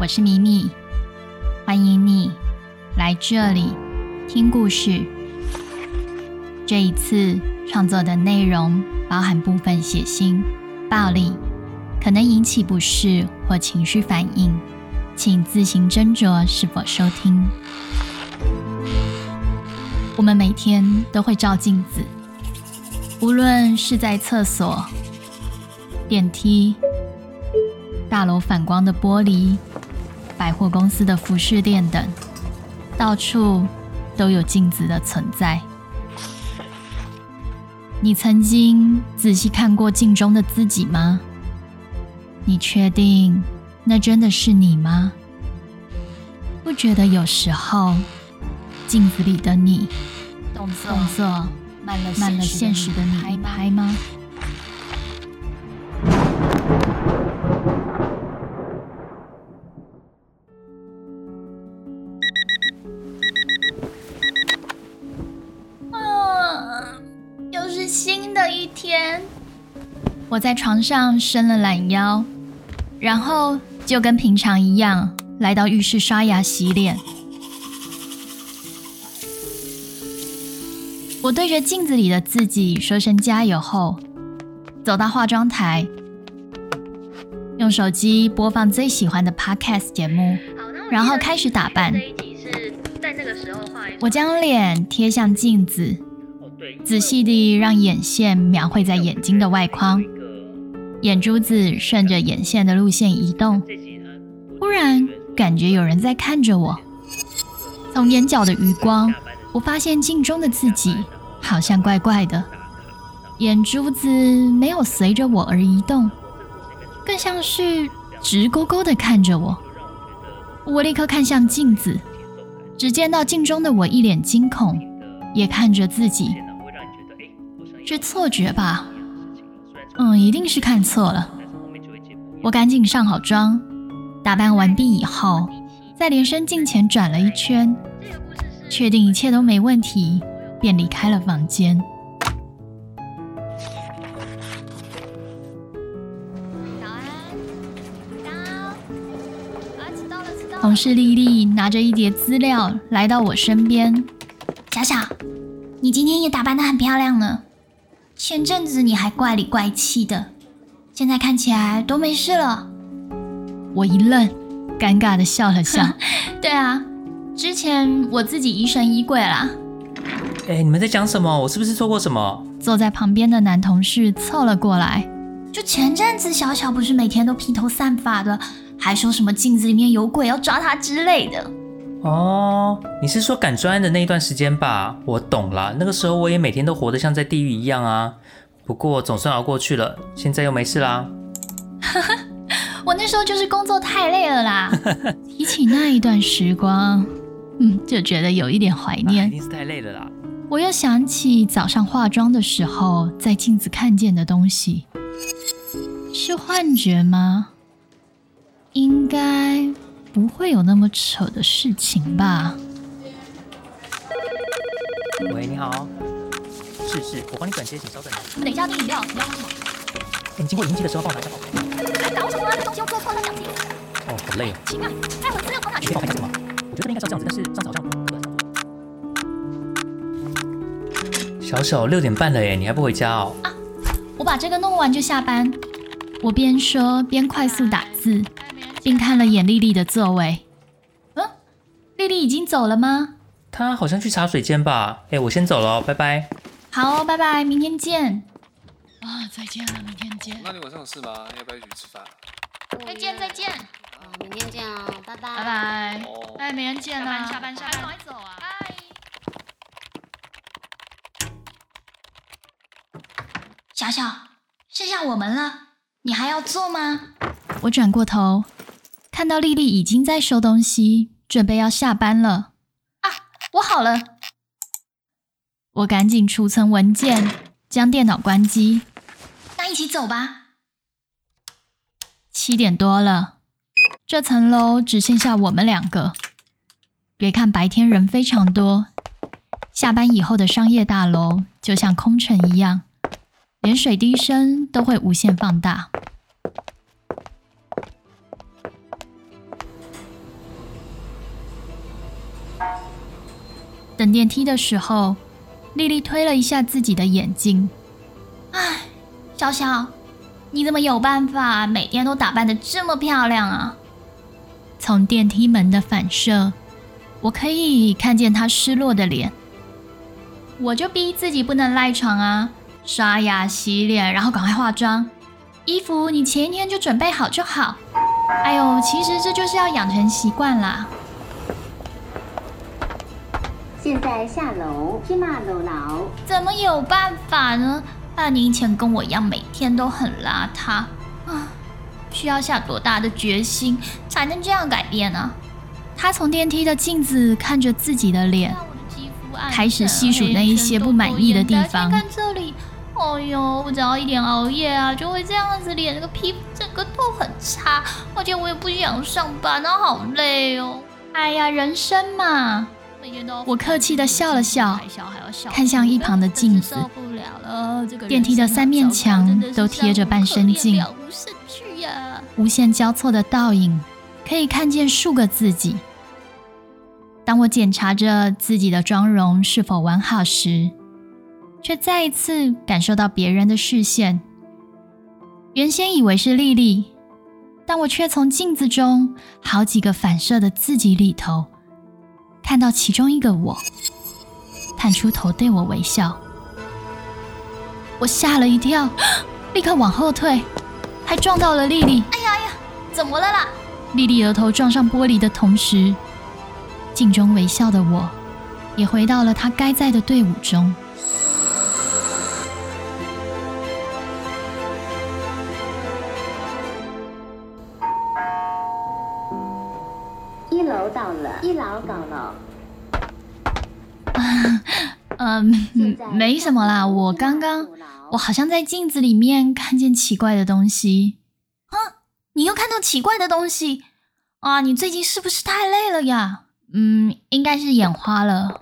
我是米米，歡迎你來這裡聽故事。這一次創作的內容包含部分血腥、暴力，可能引起不適或情緒反應，請自行斟酌是否收聽。我們每天都會照鏡子，無論是在廁所、電梯、大樓反光的玻璃，百貨公司的服飾店等，到處都有鏡子的存在。你曾經仔細看過鏡中的自己嗎？你確定那真的是你嗎？不覺得有時候鏡子裡的你，動作，動作慢了，慢了，現實的你，一拍嗎？新的一天，我在床上伸了懶腰，然後就跟平常一樣來到浴室刷牙洗臉。我對着鏡子裡的自己說聲加油後，走到化妝台，用手機播放最喜歡的 Podcast 節目，然後開始打扮。我將臉貼向鏡子。仔細地讓眼線描繪在眼睛的外框，眼珠子順着眼線的路線移動。忽然感覺有人在看着我。從眼角的餘光，我發現鏡中的自己好像怪怪的，眼珠子沒有隨着我而移動，更像是直勾勾地看着我。我立刻看向鏡子，只見到鏡中的我一臉驚恐，也看着自己。是錯覺吧？嗯，一定是看錯了。我趕緊上好妝，打扮完畢以後，在連身鏡前轉了一圈，確定一切都沒問題，便離開了房間。早安，遲到！同事麗麗拿着一疊資料來到我身邊：“小小，你今天也打扮得很漂亮呢。”前陣子你還怪裡怪氣的，現在看起來都沒事了。我一愣，尷尬的笑了笑。 對啊，之前我自己疑神疑鬼啦。哎、欸，你們在講什麼？我是不是做過什麼？坐在旁邊的男同事湊了過來。就前陣子，小小不是每天都披頭散髮的，還說什麼鏡子裡面有鬼要抓他之類的。哦，你是說趕專案的那一段時間吧？我懂了，那個時候我也每天都活得像在地獄一樣啊。不過總算熬過去了，現在又沒事啦。哈哈，我那時候就是工作太累了啦。 提起那一段時光，嗯，就覺得有一點懷念。啊，肯定是太累了啦。我又想起早上化妝的時候，在鏡子看見的東西，是幻覺嗎？應該。不會有那麼扯的事情吧？喂，你好，是，是我幫你轉接，請稍等。等一下，訂飲料，要飲料。哎、欸，你經過迎機的時候幫我拿一下。打，為什麼啊？這、啊欸、東西我做錯，他獎勵。哦、喔，好累哦。奇啊，哎，我資料跑哪去了？你可以幫我看一下嗎？我覺得這邊應該是這樣子，但是上次好像不不。小手，六點半了誒，你還不回家哦？啊，我把這個弄完就下班。我邊說邊快速打字。並看了眼麗麗的座位，嗯、啊，麗麗已經走了嗎？她好像去茶水間吧。哎、欸，我先走了，哦，拜拜。好，哦，拜拜，明天見。啊、哦，再見了，明天見。那你晚上有事嗎？要不要一起吃飯？也再見，再見。啊，明天見啊、哦，拜拜，拜拜，哦、哎，明天見了，下班下班下班快，哎、走啊，拜，拜。小小，剩下我們了，你還要做嗎？我轉過頭。看到麗麗已經在收東西，準備要下班了。啊，我好了，我趕緊儲存文件，將電腦關機。那一起走吧。七點多了，這層樓只剩下我們兩個。別看白天人非常多，下班以後的商業大樓就像空城一樣，連水滴聲都會無限放大。電梯的時候，莉莉推了一下自己的眼鏡。唉，小小，你怎麼有辦法每天都打扮得這麼漂亮啊？從電梯門的反射，我可以看見她失落的臉。我就逼自己不能賴床啊，刷牙、洗臉，然後趕快化妝。衣服你前一天就準備好就好。哎呦，其實這就是要養成習慣啦。現在下樓，天馬樓怎麼有辦法呢？半年前跟我一樣，每天都很邋遢啊，需要下多大的決心才能這樣改變呢、啊？他從電梯的鏡子看着自己的臉，的開始細數那一些不滿意的地方。你看這裡，哎呦，我只要一點熬夜啊，就會這樣子，臉那個皮膚整個都很差，而且我也不想上班啊，好累哦。哎呀，人生嘛。我客氣的笑了笑，看向一旁的鏡子。了了這個、電梯的三面牆都貼着半身鏡，無,無,啊、無限交錯的倒影，可以看見數個自己。當我檢查着自己的妝容是否完好時，卻再一次感受到別人的視線。原先以為是莉莉，但我卻從鏡子中好幾個反射的自己裡頭。看到其中一個我，探出頭對我微笑，我嚇了一跳，立刻往後退，還撞到了麗麗。哎呀哎呀，怎麼了啦？麗麗額頭撞上玻璃的同時，鏡中微笑的我，也回到了她該在的隊伍中。一老二了。啊、 呃，嗯，沒什麼啦。我剛剛，我好像在鏡子裡面看見奇怪的東西。哼、啊，你又看到奇怪的東西？啊，你最近是不是太累了呀？嗯，應該是眼花了。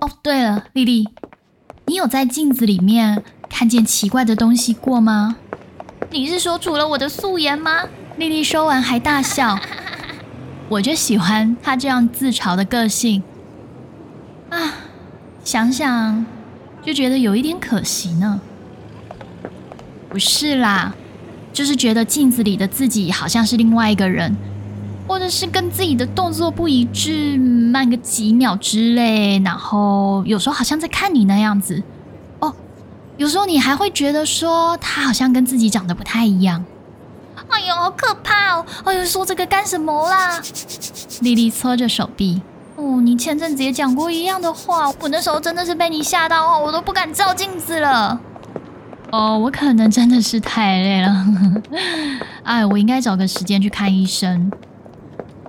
哦，對了，麗麗，你有在鏡子裡面看見奇怪的東西過嗎？你是說除了我的素顏嗎？麗麗說完還大笑。 我就喜歡他這樣自嘲的個性。啊，想想就覺得有一點可惜呢。不是啦，就是覺得鏡子裡的自己好像是另外一個人，或者是跟自己的動作不一致，慢個幾秒之類。然後有時候好像在看你那樣子。哦，有時候你還會覺得說他好像跟自己長得不太一樣。哎呦，好可怕哦！哎呦，說這個幹什麼啦？莉莉搓着手臂。哦，你前陣子也講過一樣的話，我那時候真的是被你嚇到哦，我都不敢照鏡子了。哦，我可能真的是太累了呵呵。哎，我應該找個時間去看醫生。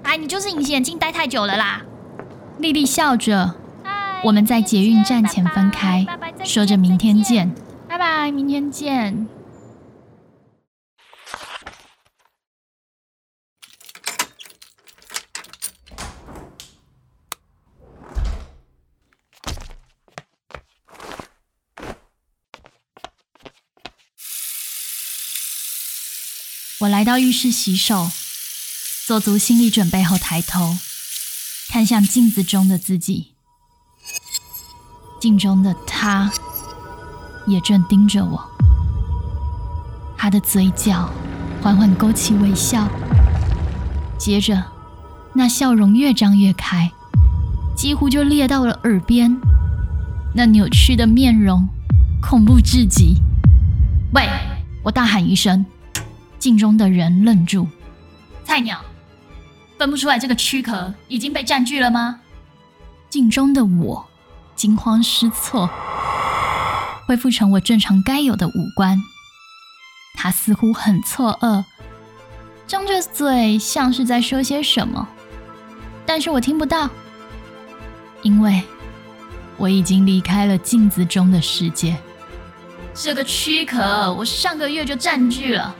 哎，你就是隱形眼鏡戴太久了啦。莉莉笑着。Hi, 我們在捷運站前分開，拜拜說着明天見。天見，拜拜，明天見。我來到浴室洗手，做足心理準備後抬頭，看向鏡子中的自己。鏡中的他，也正盯着我。他的嘴角緩緩勾起微笑，接着那笑容越張越開，幾乎就裂到了耳邊。那扭曲的面容，恐怖至極。喂！我大喊一聲。鏡中的人愣住，菜鳥，分不出來這個軀殼已經被占據了嗎？鏡中的我驚慌失措，恢復成我正常該有的五官。他似乎很錯愕，張着嘴像是在說些什麼，但是我聽不到，因為我已經離開了鏡子中的世界。這個軀殼我上個月就占據了。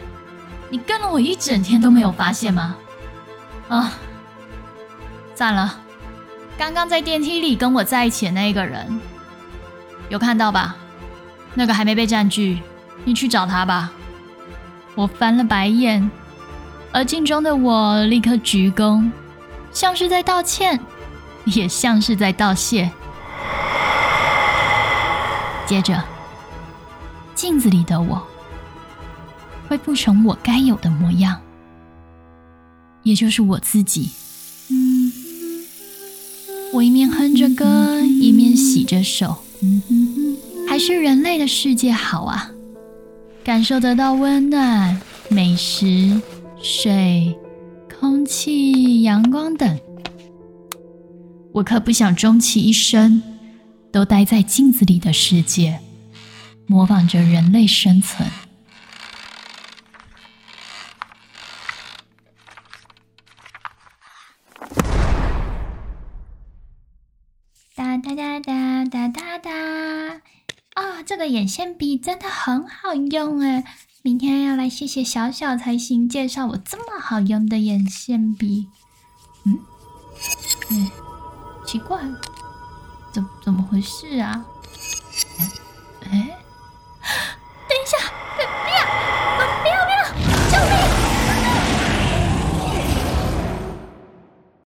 你跟了我一整天都沒有發現嗎？啊，算了，剛剛在電梯裡跟我在一起的那個人，有看到吧？那個還沒被占據，你去找他吧。我翻了白眼，而鏡中的我立刻鞠躬，像是在道歉，也像是在道謝。接着，鏡子裡的我。恢復成我該有的模樣，也就是我自己。嗯、我一面哼着歌，嗯嗯嗯、一面洗着手，嗯嗯嗯嗯。還是人類的世界好啊，感受得到溫暖、美食、水、空氣、陽光等。我可不想終其一生，都待在鏡子裡的世界，模仿着人類生存。眼線筆真的很好用哎，明天要來謝謝小小才行，介紹我這麼好用的眼線筆。嗯，嗯，奇怪，怎麼怎麼回事啊？